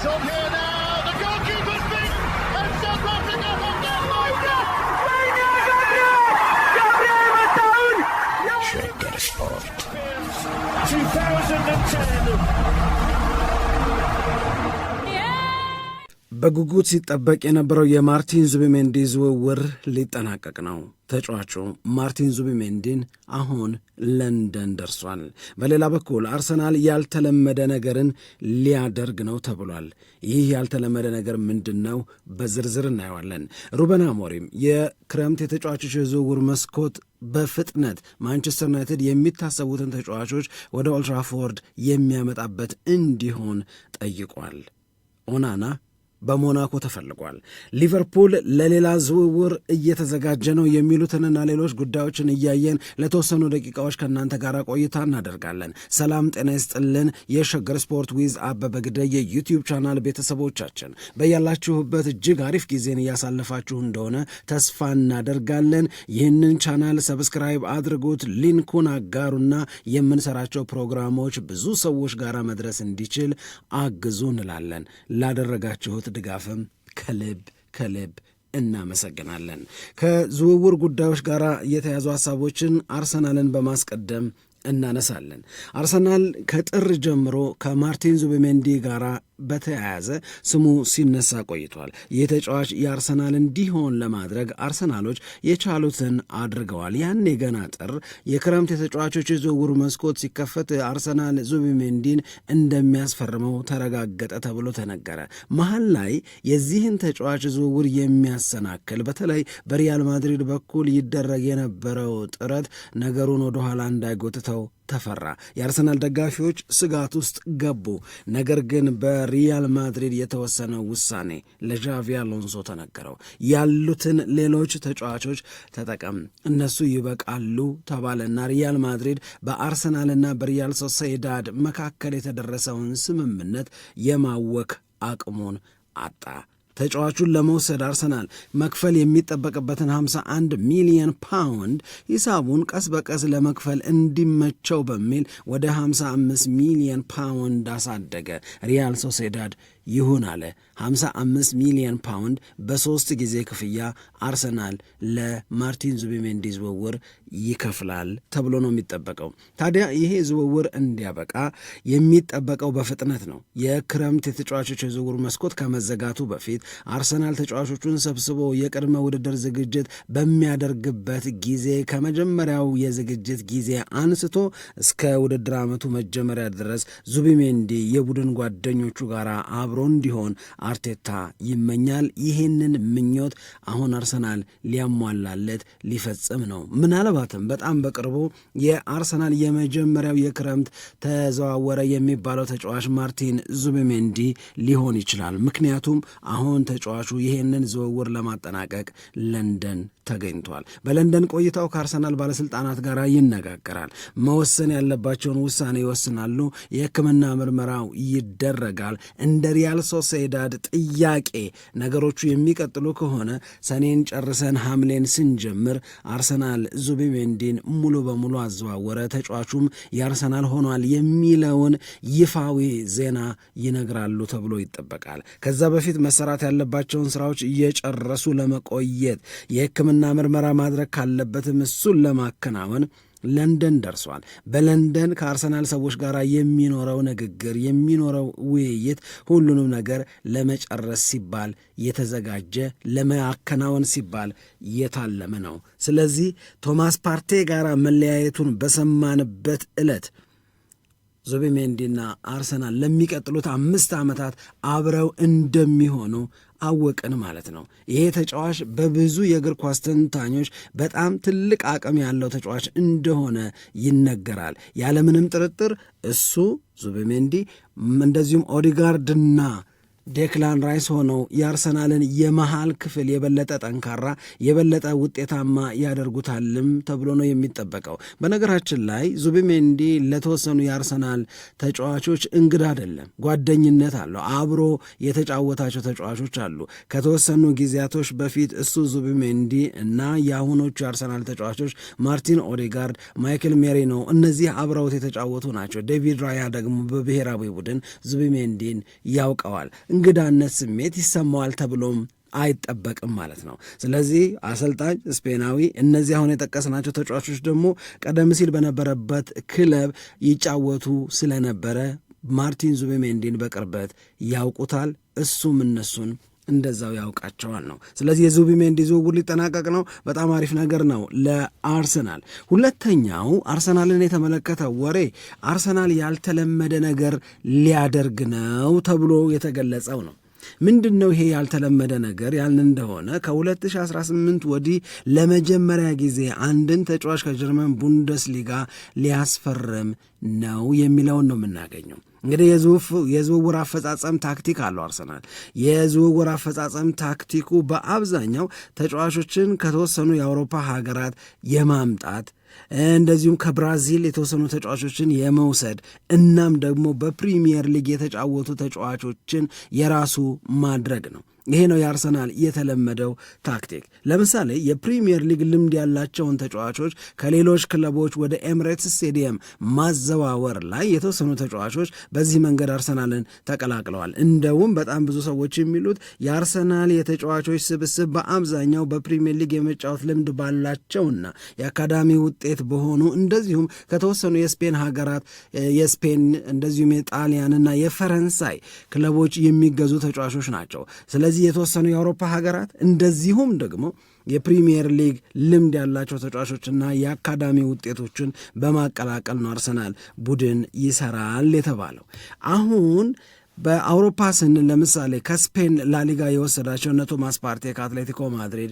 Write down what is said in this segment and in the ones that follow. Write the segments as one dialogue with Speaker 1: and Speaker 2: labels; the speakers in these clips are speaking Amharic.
Speaker 1: It's on here. በጉጉት ሲጠበቅ የነበረው የማርቲን ዙቢሜንዲ ዝውውር ሊጠናቀቅ ነው። ተጫዋቹ ማርቲን ዙቢሜንዲን አሁን ለንደን ደርሷል። በሌላ በኩል አርሰናል ያልተለመደ ነገርን ሊያደርግ ነው ተብሏል። ይህ ያልተለመደ ነገር ምንድን ነው? በዝርዝር እናየዋለን። ሩበን አሞሪም የክረምት የተጫዋቾች የዝውውር መስኮት በፍጥነት ማንቸስተር ዩናይትድ የሚታሰቡትን ተጫዋቾች ወደ ኦልትራፎርድ የሚያመጣበት እንዲሆን ጠይቋል። ኦናና በሞናኮ ተፈልጓል። ሊቨርፑል ለሌላ ዝውውር እየተዘጋጀ ነው የሚሉትንና ሌሎች ጉዳዮችን እያየን ለተወሰኑ ደቂቃዎች ከእናንተ ጋር ቆይታ እናደርጋለን። ሰላም ጤና ይስጥልን። የሸገር ስፖርት ዊዝ አበበ ግደይ የዩቲዩብ ቻናል ቤተሰቦቻችን በያላችሁበት እጅግ አሪፍ ጊዜን እያሳለፋችሁ እንደሆነ ተስፋ እናደርጋለን። ይህንን ቻናል ሰብስክራይብ አድርጉት፣ ሊንኩን አጋሩና የምንሰራቸው ፕሮግራሞች ብዙ ሰዎች ጋር መድረስ እንዲችል አግዙ እንላለን። ላደረጋችሁት ድጋፍም ከልብ ከልብ እናመሰግናለን። ከዝውውር ጉዳዮች ጋር የተያዙ ሀሳቦችን አርሰናልን በማስቀደም እናነሳለን። አርሰናል ከጥር ጀምሮ ከማርቲን ዙቢሜንዲ ጋር በተያያዘ ስሙ ሲነሳ ቆይቷል። ይህ ተጫዋች የአርሰናል እንዲሆን ለማድረግ አርሰናሎች የቻሉትን አድርገዋል። ያኔ የገና ጥር የክረምት የተጫዋቾች ዝውውር መስኮት ሲከፈት አርሰናል ዙቢሜንዲን እንደሚያስፈርመው ተረጋገጠ ተብሎ ተነገረ። መሀል ላይ የዚህን ተጫዋች ዝውውር የሚያሰናክል በተለይ በሪያል ማድሪድ በኩል ይደረግ የነበረው ጥረት ነገሩን ወደኋላ እንዳይጎትተው ተፈራ። የአርሰናል ደጋፊዎች ስጋት ውስጥ ገቡ። ነገር ግን በሪያል ማድሪድ የተወሰነ ውሳኔ ለዣቪ አሎንሶ ተነገረው። ያሉትን ሌሎች ተጫዋቾች ተጠቀም፣ እነሱ ይበቃሉ ተባለና ሪያል ማድሪድ በአርሰናልና በሪያል ሶሴዳድ መካከል የተደረሰውን ስምምነት የማወክ አቅሙን አጣ። ተጫዋቹን ለመውሰድ አርሰናል መክፈል የሚጠበቅበትን 51 ሚሊዮን ፓውንድ ሂሳቡን ቀስ በቀስ ለመክፈል እንዲመቸው በሚል ወደ 55 ሚሊዮን ፓውንድ አሳደገ ሪያል ሶሴዳድ ይሁን አለ። 55 ሚሊዮን ፓውንድ በሶስት ጊዜ ክፍያ አርሰናል ለማርቲን ዙቢሜንዲ ዝውውር ይከፍላል ተብሎ ነው የሚጠበቀው። ታዲያ ይሄ ዝውውር እንዲያበቃ የሚጠበቀው በፍጥነት ነው። የክረምት የተጫዋቾች የዝውውር መስኮት ከመዘጋቱ በፊት አርሰናል ተጫዋቾቹን ሰብስቦ የቅድመ ውድድር ዝግጅት በሚያደርግበት ጊዜ ከመጀመሪያው የዝግጅት ጊዜ አንስቶ እስከ ውድድር ዓመቱ መጀመሪያ ድረስ ዙቢሜንዲ የቡድን ጓደኞቹ ጋር አብሮ አብሮ እንዲሆን አርቴታ ይመኛል። ይህንን ምኞት አሁን አርሰናል ሊያሟላለት ሊፈጽም ነው። ምናልባትም በጣም በቅርቡ የአርሰናል የመጀመሪያው የክረምት ተዘዋወረ የሚባለው ተጫዋች ማርቲን ዙቢሜንዲ ሊሆን ይችላል። ምክንያቱም አሁን ተጫዋቹ ይህንን ዝውውር ለማጠናቀቅ ለንደን ተገኝቷል። በለንደን ቆይታው ከአርሰናል ባለስልጣናት ጋር ይነጋገራል። መወሰን ያለባቸውን ውሳኔ ይወስናሉ። የሕክምና ምርመራው ይደረጋል። እንደ ሪያል ሶሴዳድ ጥያቄ ነገሮቹ የሚቀጥሉ ከሆነ ሰኔን ጨርሰን ሐምሌን ስንጀምር አርሰናል ዙቢሜንዲን ሙሉ በሙሉ አዘዋወረ፣ ተጫዋቹም የአርሰናል ሆኗል የሚለውን ይፋዊ ዜና ይነግራሉ ተብሎ ይጠበቃል። ከዛ በፊት መሰራት ያለባቸውን ስራዎች እየጨረሱ ለመቆየት የሕክምና ጥናትና ምርመራ ማድረግ ካለበትም እሱን ለማከናወን ለንደን ደርሷል። በለንደን ከአርሰናል ሰዎች ጋር የሚኖረው ንግግር፣ የሚኖረው ውይይት ሁሉንም ነገር ለመጨረስ ሲባል የተዘጋጀ ለማከናወን ሲባል የታለመ ነው። ስለዚህ ቶማስ ፓርቴ ጋር መለያየቱን በሰማንበት ዕለት ዙቢሜንዲና አርሰናል ለሚቀጥሉት አምስት ዓመታት አብረው እንደሚሆኑ አወቅን ማለት ነው። ይሄ ተጫዋች በብዙ የእግር ኳስ ተንታኞች በጣም ትልቅ አቅም ያለው ተጫዋች እንደሆነ ይነገራል። ያለምንም ጥርጥር እሱ ዙቢሜንዲ እንደዚሁም ኦዲጋርድና ዴክላን ራይስ ሆነው የአርሰናልን የመሃል ክፍል የበለጠ ጠንካራ የበለጠ ውጤታማ ያደርጉታልም ተብሎ ነው የሚጠበቀው። በነገራችን ላይ ዙቢሜንዲ ለተወሰኑ የአርሰናል ተጫዋቾች እንግዳ አይደለም፣ ጓደኝነት አለው። አብሮ የተጫወታቸው ተጫዋቾች አሉ። ከተወሰኑ ጊዜያቶች በፊት እሱ ዙቢሜንዲ እና የአሁኖቹ የአርሰናል ተጫዋቾች ማርቲን ኦዴጋርድ፣ ማይክል ሜሪኖ እነዚህ አብረውት የተጫወቱ ናቸው። ዴቪድ ራያ ደግሞ በብሔራዊ ቡድን ዙቢሜንዲን ያውቀዋል። እንግዳነት ስሜት ይሰማዋል ተብሎም አይጠበቅም ማለት ነው። ስለዚህ አሰልጣኝ ስፔናዊ እነዚህ አሁን የጠቀስናቸው ተጫዋቾች ደግሞ ቀደም ሲል በነበረበት ክለብ ይጫወቱ ስለነበረ ማርቲን ዙቤሜንዲን በቅርበት ያውቁታል። እሱም እነሱን እንደዛው ያውቃቸዋል ነው። ስለዚህ የዙቢሜንዲ ዝውውር ሊጠናቀቅ ነው። በጣም አሪፍ ነገር ነው ለአርሰናል። ሁለተኛው አርሰናልን የተመለከተ ወሬ አርሰናል ያልተለመደ ነገር ሊያደርግ ነው ተብሎ የተገለጸው ነው። ምንድን ነው ይሄ ያልተለመደ ነገር ያልን እንደሆነ ከ2018 ወዲህ ለመጀመሪያ ጊዜ አንድን ተጫዋች ከጀርመን ቡንደስሊጋ ሊያስፈርም ነው የሚለውን ነው የምናገኘው። እንግዲህ የዝውውር አፈጻጸም ታክቲክ አለው አርሰናል። የዝውውር አፈጻጸም ታክቲኩ በአብዛኛው ተጫዋቾችን ከተወሰኑ የአውሮፓ ሀገራት የማምጣት እንደዚሁም ከብራዚል የተወሰኑ ተጫዋቾችን የመውሰድ እናም ደግሞ በፕሪሚየር ሊግ የተጫወቱ ተጫዋቾችን የራሱ ማድረግ ነው። ይሄ ነው የአርሰናል የተለመደው ታክቲክ። ለምሳሌ የፕሪሚየር ሊግ ልምድ ያላቸውን ተጫዋቾች ከሌሎች ክለቦች ወደ ኤምሬትስ ስቴዲየም ማዘዋወር ላይ የተወሰኑ ተጫዋቾች በዚህ መንገድ አርሰናልን ተቀላቅለዋል። እንደውም በጣም ብዙ ሰዎች የሚሉት የአርሰናል የተጫዋቾች ስብስብ በአብዛኛው በፕሪሚየር ሊግ የመጫወት ልምድ ባላቸውና የአካዳሚ ውጤት በሆኑ እንደዚሁም ከተወሰኑ የስፔን ሀገራት የስፔን እንደዚሁም የጣሊያንና የፈረንሳይ ክለቦች የሚገዙ ተጫዋቾች ናቸው። ስለዚህ እነዚህ የተወሰኑ የአውሮፓ ሀገራት እንደዚሁም ደግሞ የፕሪሚየር ሊግ ልምድ ያላቸው ተጫዋቾችና የአካዳሚ ውጤቶችን በማቀላቀል ነው አርሰናል ቡድን ይሰራል የተባለው አሁን በአውሮፓ ስንል ለምሳሌ ከስፔን ላሊጋ የወሰዳቸው እነ ቶማስ ፓርቴ ከአትሌቲኮ ማድሪድ፣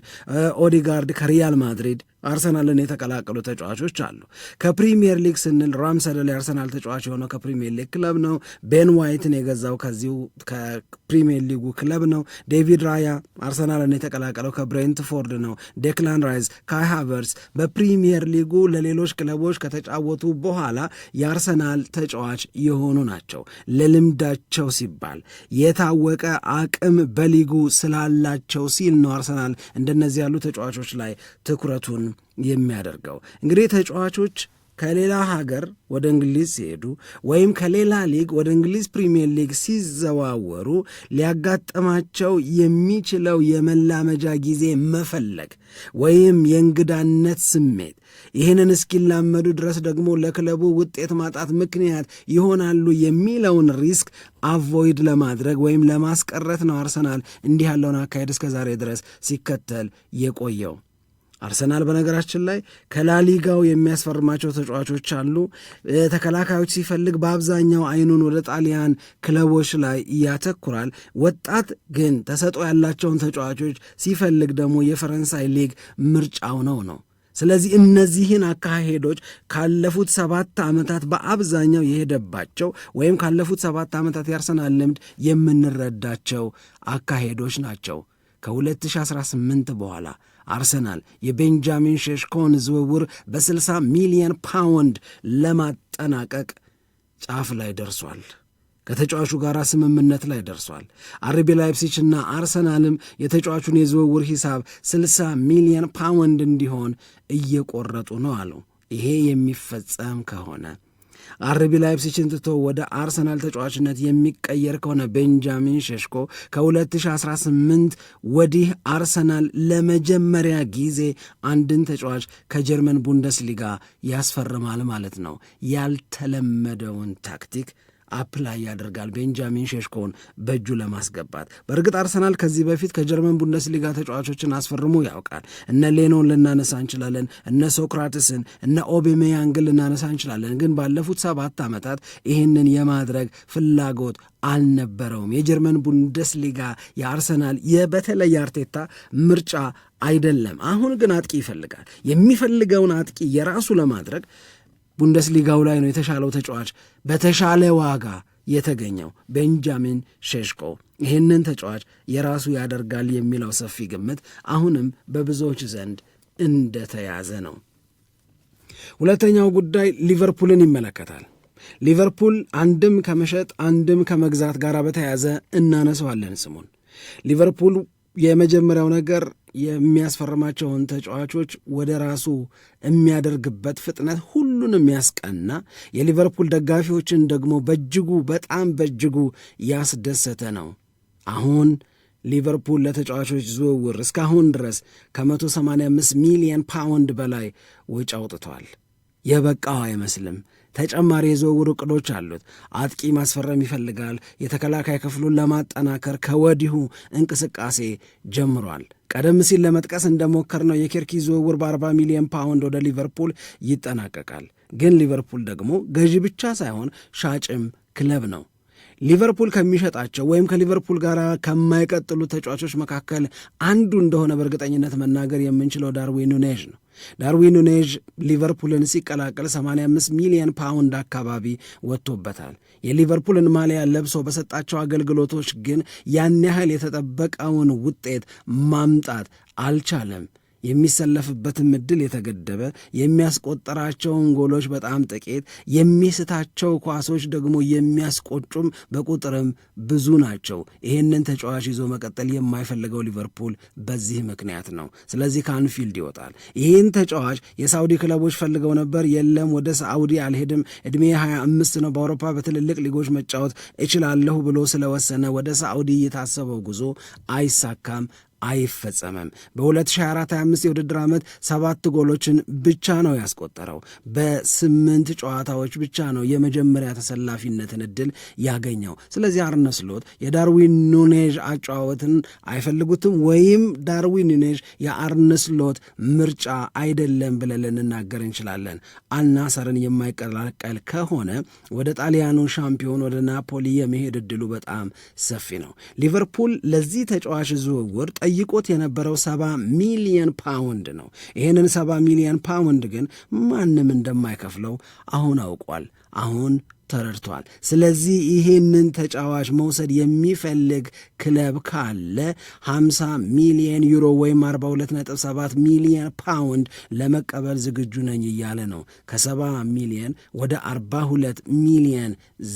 Speaker 1: ኦዲጋርድ ከሪያል ማድሪድ አርሰናልን የተቀላቀሉ ተጫዋቾች አሉ። ከፕሪሚየር ሊግ ስንል ራምሰደል የአርሰናል ተጫዋች የሆነው ከፕሪሚየር ሊግ ክለብ ነው። ቤን ዋይትን የገዛው ከዚሁ ከፕሪሚየር ሊጉ ክለብ ነው። ዴቪድ ራያ አርሰናልን የተቀላቀለው ከብሬንትፎርድ ነው። ዴክላን ራይዝ፣ ካይ ሃቨርስ በፕሪሚየር ሊጉ ለሌሎች ክለቦች ከተጫወቱ በኋላ የአርሰናል ተጫዋች የሆኑ ናቸው። ለልምዳቸው ሲባል የታወቀ አቅም በሊጉ ስላላቸው ሲል ነው አርሰናል እንደነዚህ ያሉ ተጫዋቾች ላይ ትኩረቱን የሚያደርገው። እንግዲህ ተጫዋቾች ከሌላ ሀገር ወደ እንግሊዝ ሲሄዱ ወይም ከሌላ ሊግ ወደ እንግሊዝ ፕሪምየር ሊግ ሲዘዋወሩ ሊያጋጥማቸው የሚችለው የመላመጃ ጊዜ መፈለግ ወይም የእንግዳነት ስሜት ይህንን እስኪላመዱ ድረስ ደግሞ ለክለቡ ውጤት ማጣት ምክንያት ይሆናሉ የሚለውን ሪስክ አቮይድ ለማድረግ ወይም ለማስቀረት ነው አርሰናል እንዲህ ያለውን አካሄድ እስከ ዛሬ ድረስ ሲከተል የቆየው። አርሰናል በነገራችን ላይ ከላሊጋው የሚያስፈርማቸው ተጫዋቾች አሉ። ተከላካዮች ሲፈልግ በአብዛኛው አይኑን ወደ ጣሊያን ክለቦች ላይ ያተኩራል። ወጣት ግን ተሰጦ ያላቸውን ተጫዋቾች ሲፈልግ ደግሞ የፈረንሳይ ሊግ ምርጫው ነው ነው ስለዚህ እነዚህን አካሄዶች ካለፉት ሰባት ዓመታት በአብዛኛው የሄደባቸው ወይም ካለፉት ሰባት ዓመታት የአርሰናል ልምድ የምንረዳቸው አካሄዶች ናቸው። ከ2018 በኋላ አርሰናል የቤንጃሚን ሼሽኮን ዝውውር በ60 ሚሊየን ፓውንድ ለማጠናቀቅ ጫፍ ላይ ደርሷል። ከተጫዋቹ ጋር ስምምነት ላይ ደርሷል። አርቢ ላይፕሲች እና አርሰናልም የተጫዋቹን የዝውውር ሂሳብ 60 ሚሊየን ፓውንድ እንዲሆን እየቆረጡ ነው አሉ። ይሄ የሚፈጸም ከሆነ አርቢ ላይፕሲችን ትቶ ወደ አርሰናል ተጫዋችነት የሚቀየር ከሆነ ቤንጃሚን ሸሽኮ ከ2018 ወዲህ አርሰናል ለመጀመሪያ ጊዜ አንድን ተጫዋች ከጀርመን ቡንደስሊጋ ያስፈርማል ማለት ነው። ያልተለመደውን ታክቲክ አፕላይ ያደርጋል ቤንጃሚን ሸሽኮን በእጁ ለማስገባት። በእርግጥ አርሰናል ከዚህ በፊት ከጀርመን ቡንደስሊጋ ተጫዋቾችን አስፈርሞ ያውቃል። እነ ሌኖን ልናነሳ እንችላለን፣ እነ ሶክራትስን፣ እነ ኦቤሜያንግን ልናነሳ እንችላለን። ግን ባለፉት ሰባት ዓመታት ይህንን የማድረግ ፍላጎት አልነበረውም። የጀርመን ቡንደስሊጋ የአርሰናል በተለይ አርቴታ ምርጫ አይደለም። አሁን ግን አጥቂ ይፈልጋል። የሚፈልገውን አጥቂ የራሱ ለማድረግ ቡንደስሊጋው ላይ ነው የተሻለው ተጫዋች በተሻለ ዋጋ የተገኘው ቤንጃሚን ሼሽኮ ይህንን ተጫዋች የራሱ ያደርጋል የሚለው ሰፊ ግምት አሁንም በብዙዎች ዘንድ እንደተያዘ ነው። ሁለተኛው ጉዳይ ሊቨርፑልን ይመለከታል። ሊቨርፑል አንድም ከመሸጥ አንድም ከመግዛት ጋር በተያያዘ እናነሰዋለን ስሙን ሊቨርፑል የመጀመሪያው ነገር የሚያስፈርማቸውን ተጫዋቾች ወደ ራሱ የሚያደርግበት ፍጥነት ሁሉንም ያስቀና፣ የሊቨርፑል ደጋፊዎችን ደግሞ በእጅጉ በጣም በእጅጉ ያስደሰተ ነው። አሁን ሊቨርፑል ለተጫዋቾች ዝውውር እስካሁን ድረስ ከ185 ሚሊዮን ፓውንድ በላይ ወጪ አውጥቷል። የበቃው አይመስልም። ተጨማሪ የዝውውር እቅዶች አሉት። አጥቂ ማስፈረም ይፈልጋል። የተከላካይ ክፍሉን ለማጠናከር ከወዲሁ እንቅስቃሴ ጀምሯል። ቀደም ሲል ለመጥቀስ እንደሞከርነው የኬርኪ ዝውውር በ40 ሚሊዮን ፓውንድ ወደ ሊቨርፑል ይጠናቀቃል። ግን ሊቨርፑል ደግሞ ገዢ ብቻ ሳይሆን ሻጭም ክለብ ነው። ሊቨርፑል ከሚሸጣቸው ወይም ከሊቨርፑል ጋር ከማይቀጥሉ ተጫዋቾች መካከል አንዱ እንደሆነ በእርግጠኝነት መናገር የምንችለው ዳርዊን ኑኔዥ ነው። ዳርዊን ኑኔዥ ሊቨርፑልን ሲቀላቀል 85 ሚሊዮን ፓውንድ አካባቢ ወጥቶበታል። የሊቨርፑልን ማሊያ ለብሶ በሰጣቸው አገልግሎቶች ግን ያን ያህል የተጠበቀውን ውጤት ማምጣት አልቻለም። የሚሰለፍበትም እድል የተገደበ፣ የሚያስቆጠራቸውን ጎሎች በጣም ጥቂት፣ የሚስታቸው ኳሶች ደግሞ የሚያስቆጩም በቁጥርም ብዙ ናቸው። ይህንን ተጫዋች ይዞ መቀጠል የማይፈልገው ሊቨርፑል በዚህ ምክንያት ነው። ስለዚህ ከአንፊልድ ይወጣል። ይህን ተጫዋች የሳውዲ ክለቦች ፈልገው ነበር። የለም ወደ ሳውዲ አልሄድም፣ እድሜ 25 ነው፣ በአውሮፓ በትልልቅ ሊጎች መጫወት እችላለሁ ብሎ ስለወሰነ ወደ ሳውዲ የታሰበው ጉዞ አይሳካም አይፈጸምም። በ2024/25 የውድድር ዓመት ሰባት ጎሎችን ብቻ ነው ያስቆጠረው። በስምንት ጨዋታዎች ብቻ ነው የመጀመሪያ ተሰላፊነትን እድል ያገኘው። ስለዚህ አርነ ስሎት የዳርዊን ኑኔዥ አጨዋወትን አይፈልጉትም ወይም ዳርዊን ኑኔዥ የአርነ ስሎት ምርጫ አይደለም ብለን ልንናገር እንችላለን። አናሰርን የማይቀላቀል ከሆነ ወደ ጣሊያኑ ሻምፒዮን ወደ ናፖሊ የመሄድ እድሉ በጣም ሰፊ ነው። ሊቨርፑል ለዚህ ተጫዋች ዝውውር ጠይቆት የነበረው ሰባ ሚሊየን ፓውንድ ነው። ይህንን ሰባ ሚሊየን ፓውንድ ግን ማንም እንደማይከፍለው አሁን አውቋል። አሁን ተረድቷል። ስለዚህ ይህንን ተጫዋች መውሰድ የሚፈልግ ክለብ ካለ 50 ሚሊየን ዩሮ ወይም 42.7 ሚሊየን ፓውንድ ለመቀበል ዝግጁ ነኝ እያለ ነው። ከ70 ሚሊየን ወደ 42 ሚሊየን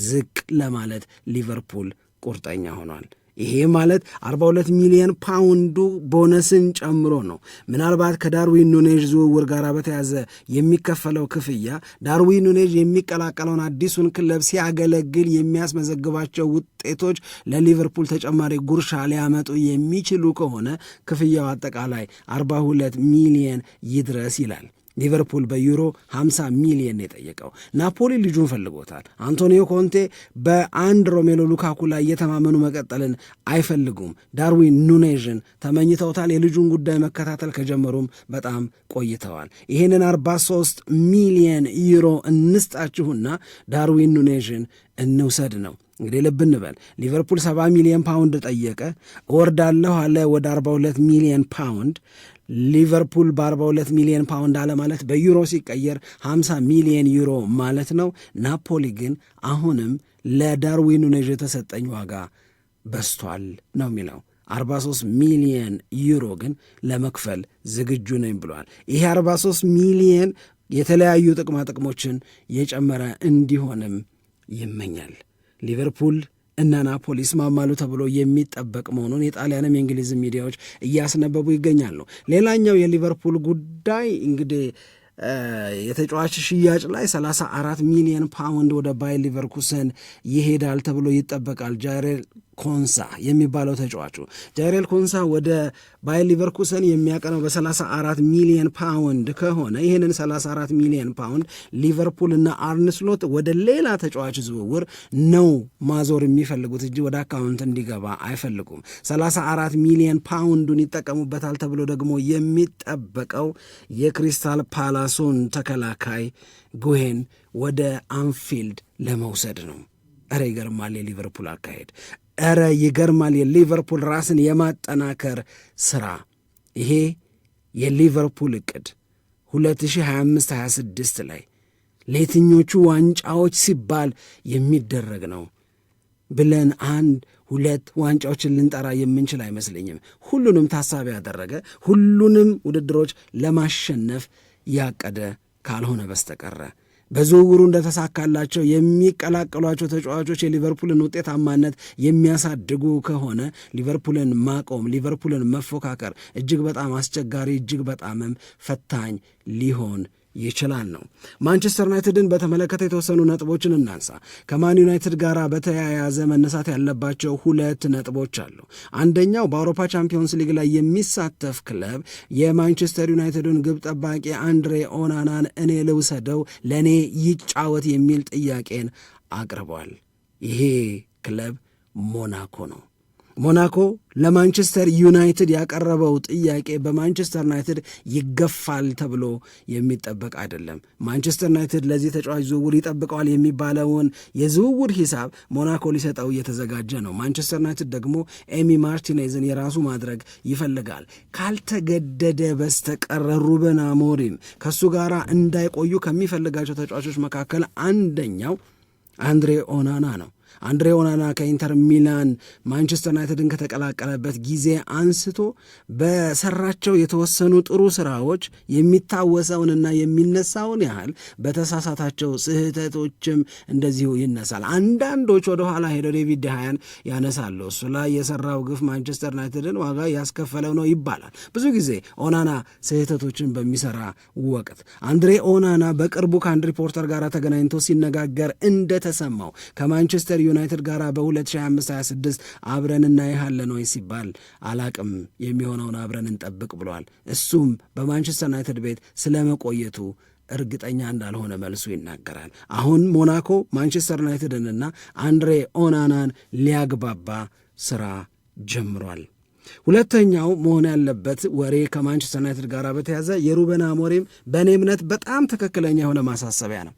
Speaker 1: ዝቅ ለማለት ሊቨርፑል ቁርጠኛ ሆኗል። ይሄ ማለት 42 ሚሊዮን ፓውንዱ ቦነስን ጨምሮ ነው። ምናልባት ከዳርዊን ኑኔዥ ዝውውር ጋር በተያዘ የሚከፈለው ክፍያ ዳርዊን ኑኔዥ የሚቀላቀለውን አዲሱን ክለብ ሲያገለግል የሚያስመዘግባቸው ውጤቶች ለሊቨርፑል ተጨማሪ ጉርሻ ሊያመጡ የሚችሉ ከሆነ ክፍያው አጠቃላይ 42 ሚሊዮን ይድረስ ይላል። ሊቨርፑል በዩሮ 50 ሚሊየን የጠየቀው ናፖሊ ልጁን ፈልጎታል። አንቶኒዮ ኮንቴ በአንድ ሮሜሎ ሉካኩ ላይ እየተማመኑ መቀጠልን አይፈልጉም። ዳርዊን ኑኔዥን ተመኝተውታል። የልጁን ጉዳይ መከታተል ከጀመሩም በጣም ቆይተዋል። ይህንን 43 ሚሊየን ዩሮ እንስጣችሁና ዳርዊን ኑኔዥን እንውሰድ ነው። እንግዲህ ልብ እንበል ሊቨርፑል 70 ሚሊዮን ፓውንድ ጠየቀ፣ እወርዳለሁ አለ ወደ 42 ሚሊዮን ፓውንድ። ሊቨርፑል በ42 ሚሊዮን ፓውንድ አለ ማለት በዩሮ ሲቀየር 50 ሚሊዮን ዩሮ ማለት ነው። ናፖሊ ግን አሁንም ለዳርዊን ኑኔዝ የተሰጠኝ ዋጋ በስቷል ነው የሚለው 43 ሚሊየን ዩሮ ግን ለመክፈል ዝግጁ ነኝ ብሏል። ይሄ 43 ሚሊየን የተለያዩ ጥቅማጥቅሞችን የጨመረ እንዲሆንም ይመኛል ሊቨርፑል እነ ናፖሊ ይስማማሉ ተብሎ የሚጠበቅ መሆኑን የጣሊያንም የእንግሊዝ ሚዲያዎች እያስነበቡ ይገኛሉ። ሌላኛው የሊቨርፑል ጉዳይ እንግዲህ የተጫዋች ሽያጭ ላይ 34 ሚሊዮን ፓውንድ ወደ ባይ ሊቨርኩሰን ይሄዳል ተብሎ ይጠበቃል። ጃሬል ኮንሳ የሚባለው ተጫዋቹ ጃይሬል ኮንሳ ወደ ባየር ሊቨርኩሰን የሚያቀነው በ34 ሚሊዮን ፓውንድ ከሆነ ይህንን 34 ሚሊዮን ፓውንድ ሊቨርፑል እና አርንስሎት ወደ ሌላ ተጫዋች ዝውውር ነው ማዞር የሚፈልጉት እንጂ ወደ አካውንት እንዲገባ አይፈልጉም። 34 ሚሊዮን ፓውንዱን ይጠቀሙበታል ተብሎ ደግሞ የሚጠበቀው የክሪስታል ፓላሱን ተከላካይ ጉሄን ወደ አንፊልድ ለመውሰድ ነው። እረ ይገርማል! የሊቨርፑል አካሄድ ኧረ ይገርማል። የሊቨርፑል ራስን የማጠናከር ስራ ይሄ የሊቨርፑል እቅድ 2025/26 ላይ ለየትኞቹ ዋንጫዎች ሲባል የሚደረግ ነው ብለን አንድ ሁለት ዋንጫዎችን ልንጠራ የምንችል አይመስለኝም። ሁሉንም ታሳቢ ያደረገ ሁሉንም ውድድሮች ለማሸነፍ ያቀደ ካልሆነ በስተቀረ በዝውውሩ እንደተሳካላቸው የሚቀላቀሏቸው ተጫዋቾች የሊቨርፑልን ውጤታማነት የሚያሳድጉ ከሆነ ሊቨርፑልን ማቆም፣ ሊቨርፑልን መፎካከር እጅግ በጣም አስቸጋሪ እጅግ በጣምም ፈታኝ ሊሆን ይችላል ነው። ማንቸስተር ዩናይትድን በተመለከተ የተወሰኑ ነጥቦችን እናንሳ። ከማን ዩናይትድ ጋር በተያያዘ መነሳት ያለባቸው ሁለት ነጥቦች አሉ። አንደኛው በአውሮፓ ቻምፒዮንስ ሊግ ላይ የሚሳተፍ ክለብ የማንቸስተር ዩናይትድን ግብ ጠባቂ አንድሬ ኦናናን እኔ ልውሰደው፣ ለእኔ ይጫወት የሚል ጥያቄን አቅርቧል። ይሄ ክለብ ሞናኮ ነው። ሞናኮ ለማንቸስተር ዩናይትድ ያቀረበው ጥያቄ በማንቸስተር ዩናይትድ ይገፋል ተብሎ የሚጠበቅ አይደለም። ማንቸስተር ዩናይትድ ለዚህ ተጫዋች ዝውውር ይጠብቀዋል የሚባለውን የዝውውር ሂሳብ ሞናኮ ሊሰጠው እየተዘጋጀ ነው። ማንቸስተር ዩናይትድ ደግሞ ኤሚ ማርቲኔዝን የራሱ ማድረግ ይፈልጋል። ካልተገደደ በስተቀረ ሩበን አሞሪም ከእሱ ጋር እንዳይቆዩ ከሚፈልጋቸው ተጫዋቾች መካከል አንደኛው አንድሬ ኦናና ነው። አንድሬ ኦናና ከኢንተር ሚላን ማንቸስተር ዩናይትድን ከተቀላቀለበት ጊዜ አንስቶ በሰራቸው የተወሰኑ ጥሩ ስራዎች የሚታወሰውንና የሚነሳውን ያህል በተሳሳታቸው ስህተቶችም እንደዚሁ ይነሳል። አንዳንዶች ወደኋላ ሄደው ዴቪድ ደሃያን ያነሳሉ። እሱ ላይ የሰራው ግፍ ማንቸስተር ዩናይትድን ዋጋ ያስከፈለው ነው ይባላል። ብዙ ጊዜ ኦናና ስህተቶችን በሚሰራ ወቅት አንድሬ ኦናና በቅርቡ ከአንድ ሪፖርተር ጋር ተገናኝቶ ሲነጋገር እንደተሰማው ከማንቸስተር ዩናይትድ ጋር በ2025/26 አብረን እናይሃለን ወይ ሲባል አላቅም የሚሆነውን አብረን እንጠብቅ ብሏል። እሱም በማንቸስተር ዩናይትድ ቤት ስለመቆየቱ እርግጠኛ እንዳልሆነ መልሱ ይናገራል። አሁን ሞናኮ ማንቸስተር ዩናይትድንና አንድሬ ኦናናን ሊያግባባ ስራ ጀምሯል። ሁለተኛው መሆን ያለበት ወሬ ከማንቸስተር ዩናይትድ ጋር በተያዘ የሩበን አሞሪም በእኔ እምነት በጣም ትክክለኛ የሆነ ማሳሰቢያ ነው።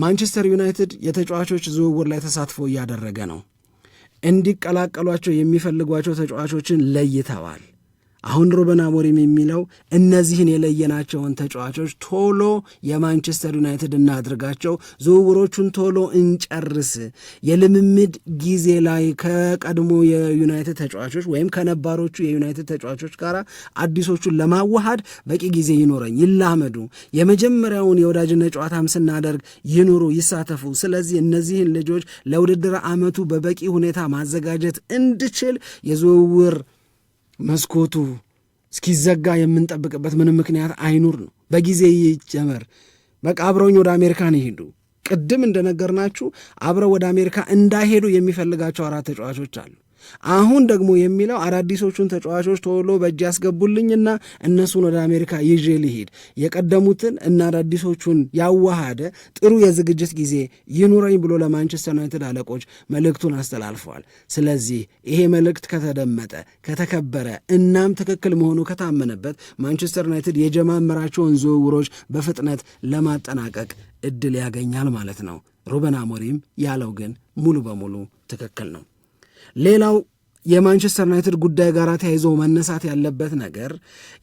Speaker 1: ማንቸስተር ዩናይትድ የተጫዋቾች ዝውውር ላይ ተሳትፎ እያደረገ ነው። እንዲቀላቀሏቸው የሚፈልጓቸው ተጫዋቾችን ለይተዋል። አሁን ሩበን አሞሪም የሚለው እነዚህን የለየናቸውን ተጫዋቾች ቶሎ የማንቸስተር ዩናይትድ እናድርጋቸው፣ ዝውውሮቹን ቶሎ እንጨርስ፣ የልምምድ ጊዜ ላይ ከቀድሞ የዩናይትድ ተጫዋቾች ወይም ከነባሮቹ የዩናይትድ ተጫዋቾች ጋር አዲሶቹን ለማዋሃድ በቂ ጊዜ ይኖረኝ፣ ይላመዱ፣ የመጀመሪያውን የወዳጅነት ጨዋታም ስናደርግ ይኑሩ፣ ይሳተፉ። ስለዚህ እነዚህን ልጆች ለውድድር ዓመቱ በበቂ ሁኔታ ማዘጋጀት እንድችል የዝውውር መስኮቱ እስኪዘጋ የምንጠብቅበት ምንም ምክንያት አይኑር ነው። በጊዜ ይጀመር። በቃ አብረውኝ ወደ አሜሪካ ነው ይሄዱ። ቅድም እንደነገርናችሁ አብረው ወደ አሜሪካ እንዳይሄዱ የሚፈልጋቸው አራት ተጫዋቾች አሉ። አሁን ደግሞ የሚለው አዳዲሶቹን ተጫዋቾች ቶሎ በእጅ ያስገቡልኝና እነሱን ወደ አሜሪካ ይዤ ልሂድ፣ የቀደሙትን እና አዳዲሶቹን ያዋሃደ ጥሩ የዝግጅት ጊዜ ይኑረኝ ብሎ ለማንቸስተር ዩናይትድ አለቆች መልእክቱን አስተላልፈዋል። ስለዚህ ይሄ መልእክት ከተደመጠ ከተከበረ፣ እናም ትክክል መሆኑ ከታመነበት ማንቸስተር ዩናይትድ የጀማመራቸውን ዝውውሮች በፍጥነት ለማጠናቀቅ እድል ያገኛል ማለት ነው። ሩበን አሞሪም ያለው ግን ሙሉ በሙሉ ትክክል ነው። ሌላው የማንቸስተር ዩናይትድ ጉዳይ ጋር ተያይዞ መነሳት ያለበት ነገር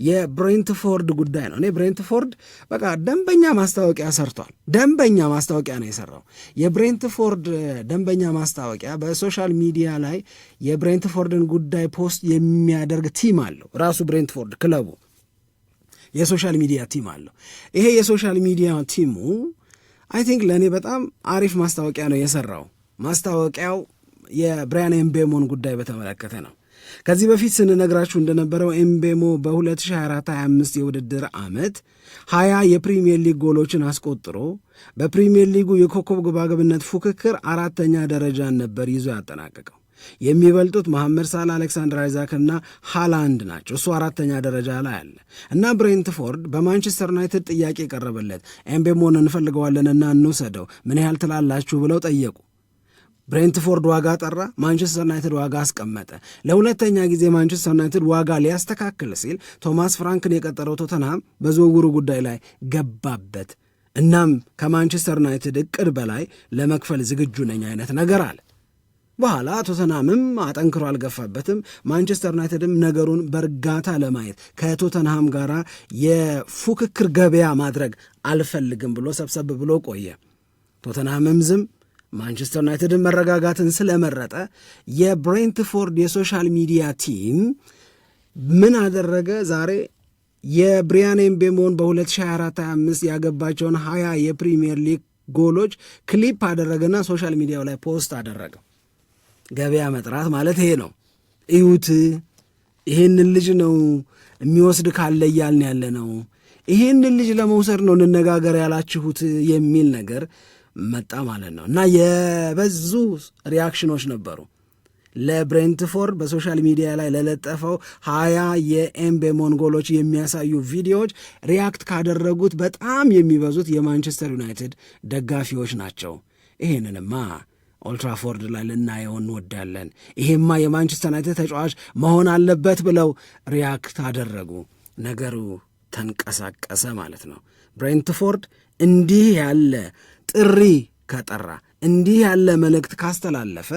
Speaker 1: የብሬንትፎርድ ጉዳይ ነው። እኔ ብሬንትፎርድ በቃ ደንበኛ ማስታወቂያ ሰርቷል። ደንበኛ ማስታወቂያ ነው የሰራው። የብሬንትፎርድ ደንበኛ ማስታወቂያ በሶሻል ሚዲያ ላይ የብሬንትፎርድን ጉዳይ ፖስት የሚያደርግ ቲም አለው። ራሱ ብሬንትፎርድ ክለቡ የሶሻል ሚዲያ ቲም አለው። ይሄ የሶሻል ሚዲያ ቲሙ አይ ቲንክ ለእኔ በጣም አሪፍ ማስታወቂያ ነው የሰራው። ማስታወቂያው የብራያን ኤምቤሞን ጉዳይ በተመለከተ ነው። ከዚህ በፊት ስንነግራችሁ እንደነበረው ኤምቤሞ በ2024/25 የውድድር ዓመት 20 የፕሪምየር ሊግ ጎሎችን አስቆጥሮ በፕሪምየር ሊጉ የኮከብ ግባግብነት ፉክክር አራተኛ ደረጃን ነበር ይዞ ያጠናቀቀው። የሚበልጡት መሐመድ ሳላ፣ አሌክሳንድር አይዛክ እና ሃላንድ ናቸው። እሱ አራተኛ ደረጃ ላይ አለ እና ብሬንትፎርድ በማንቸስተር ዩናይትድ ጥያቄ ቀረበለት። ኤምቤሞን እንፈልገዋለንና እንውሰደው ምን ያህል ትላላችሁ ብለው ጠየቁ። ብሬንትፎርድ ዋጋ ጠራ፣ ማንቸስተር ዩናይትድ ዋጋ አስቀመጠ። ለሁለተኛ ጊዜ ማንቸስተር ዩናይትድ ዋጋ ሊያስተካክል ሲል ቶማስ ፍራንክን የቀጠረው ቶተንሃም በዝውውሩ ጉዳይ ላይ ገባበት። እናም ከማንቸስተር ዩናይትድ እቅድ በላይ ለመክፈል ዝግጁ ነኝ አይነት ነገር አለ። በኋላ ቶተንሃምም አጠንክሮ አልገፋበትም። ማንቸስተር ዩናይትድም ነገሩን በእርጋታ ለማየት ከቶተንሃም ጋር የፉክክር ገበያ ማድረግ አልፈልግም ብሎ ሰብሰብ ብሎ ቆየ። ቶተንሃምም ዝም ማንቸስተር ዩናይትድን መረጋጋትን ስለመረጠ የብሬንትፎርድ የሶሻል ሚዲያ ቲም ምን አደረገ ዛሬ የብሪያን ኤምቤሞን በ2024/25 ያገባቸውን 20 የፕሪሚየር ሊግ ጎሎች ክሊፕ አደረገና ሶሻል ሚዲያው ላይ ፖስት አደረገ። ገበያ መጥራት ማለት ይሄ ነው። እዩት፣ ይሄንን ልጅ ነው የሚወስድ ካለ እያልን ያለ ነው። ይህን ልጅ ለመውሰድ ነው እንነጋገር ያላችሁት የሚል ነገር መጣ ማለት ነው። እና የበዙ ሪያክሽኖች ነበሩ ለብሬንትፎርድ በሶሻል ሚዲያ ላይ ለለጠፈው ሀያ የኤምቤሞን ጎሎች የሚያሳዩ ቪዲዮዎች ሪያክት ካደረጉት በጣም የሚበዙት የማንቸስተር ዩናይትድ ደጋፊዎች ናቸው። ይህንንማ ኦልትራፎርድ ላይ ልናየው እንወዳለን፣ ይሄማ የማንቸስተር ዩናይትድ ተጫዋች መሆን አለበት ብለው ሪያክት አደረጉ። ነገሩ ተንቀሳቀሰ ማለት ነው። ብሬንትፎርድ እንዲህ ያለ ጥሪ ከጠራ እንዲህ ያለ መልእክት ካስተላለፈ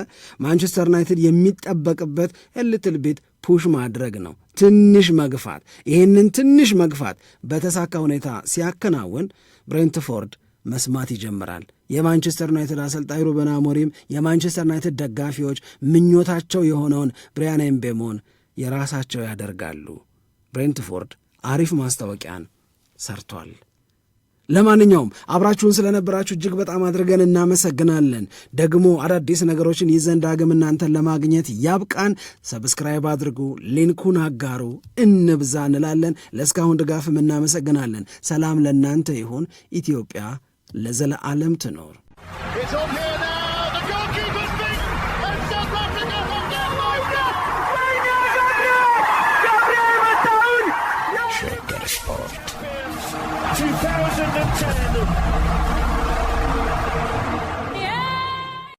Speaker 1: ማንቸስተር ዩናይትድ የሚጠበቅበት ልትል ቤት ፑሽ ማድረግ ነው፣ ትንሽ መግፋት። ይህንን ትንሽ መግፋት በተሳካ ሁኔታ ሲያከናውን ብሬንትፎርድ መስማት ይጀምራል። የማንቸስተር ዩናይትድ አሰልጣኝ ሩበን አሞሪም፣ የማንቸስተር ዩናይትድ ደጋፊዎች ምኞታቸው የሆነውን ብሪያን ኤምቤሞን የራሳቸው ያደርጋሉ። ብሬንትፎርድ አሪፍ ማስታወቂያን ሰርቷል። ለማንኛውም አብራችሁን ስለነበራችሁ እጅግ በጣም አድርገን እናመሰግናለን። ደግሞ አዳዲስ ነገሮችን ይዘን ዳግም እናንተን ለማግኘት ያብቃን። ሰብስክራይብ አድርጉ፣ ሊንኩን አጋሩ፣ እንብዛ እንላለን። ለእስካሁን ድጋፍም እናመሰግናለን። ሰላም ለእናንተ ይሁን። ኢትዮጵያ ለዘለዓለም ትኖር።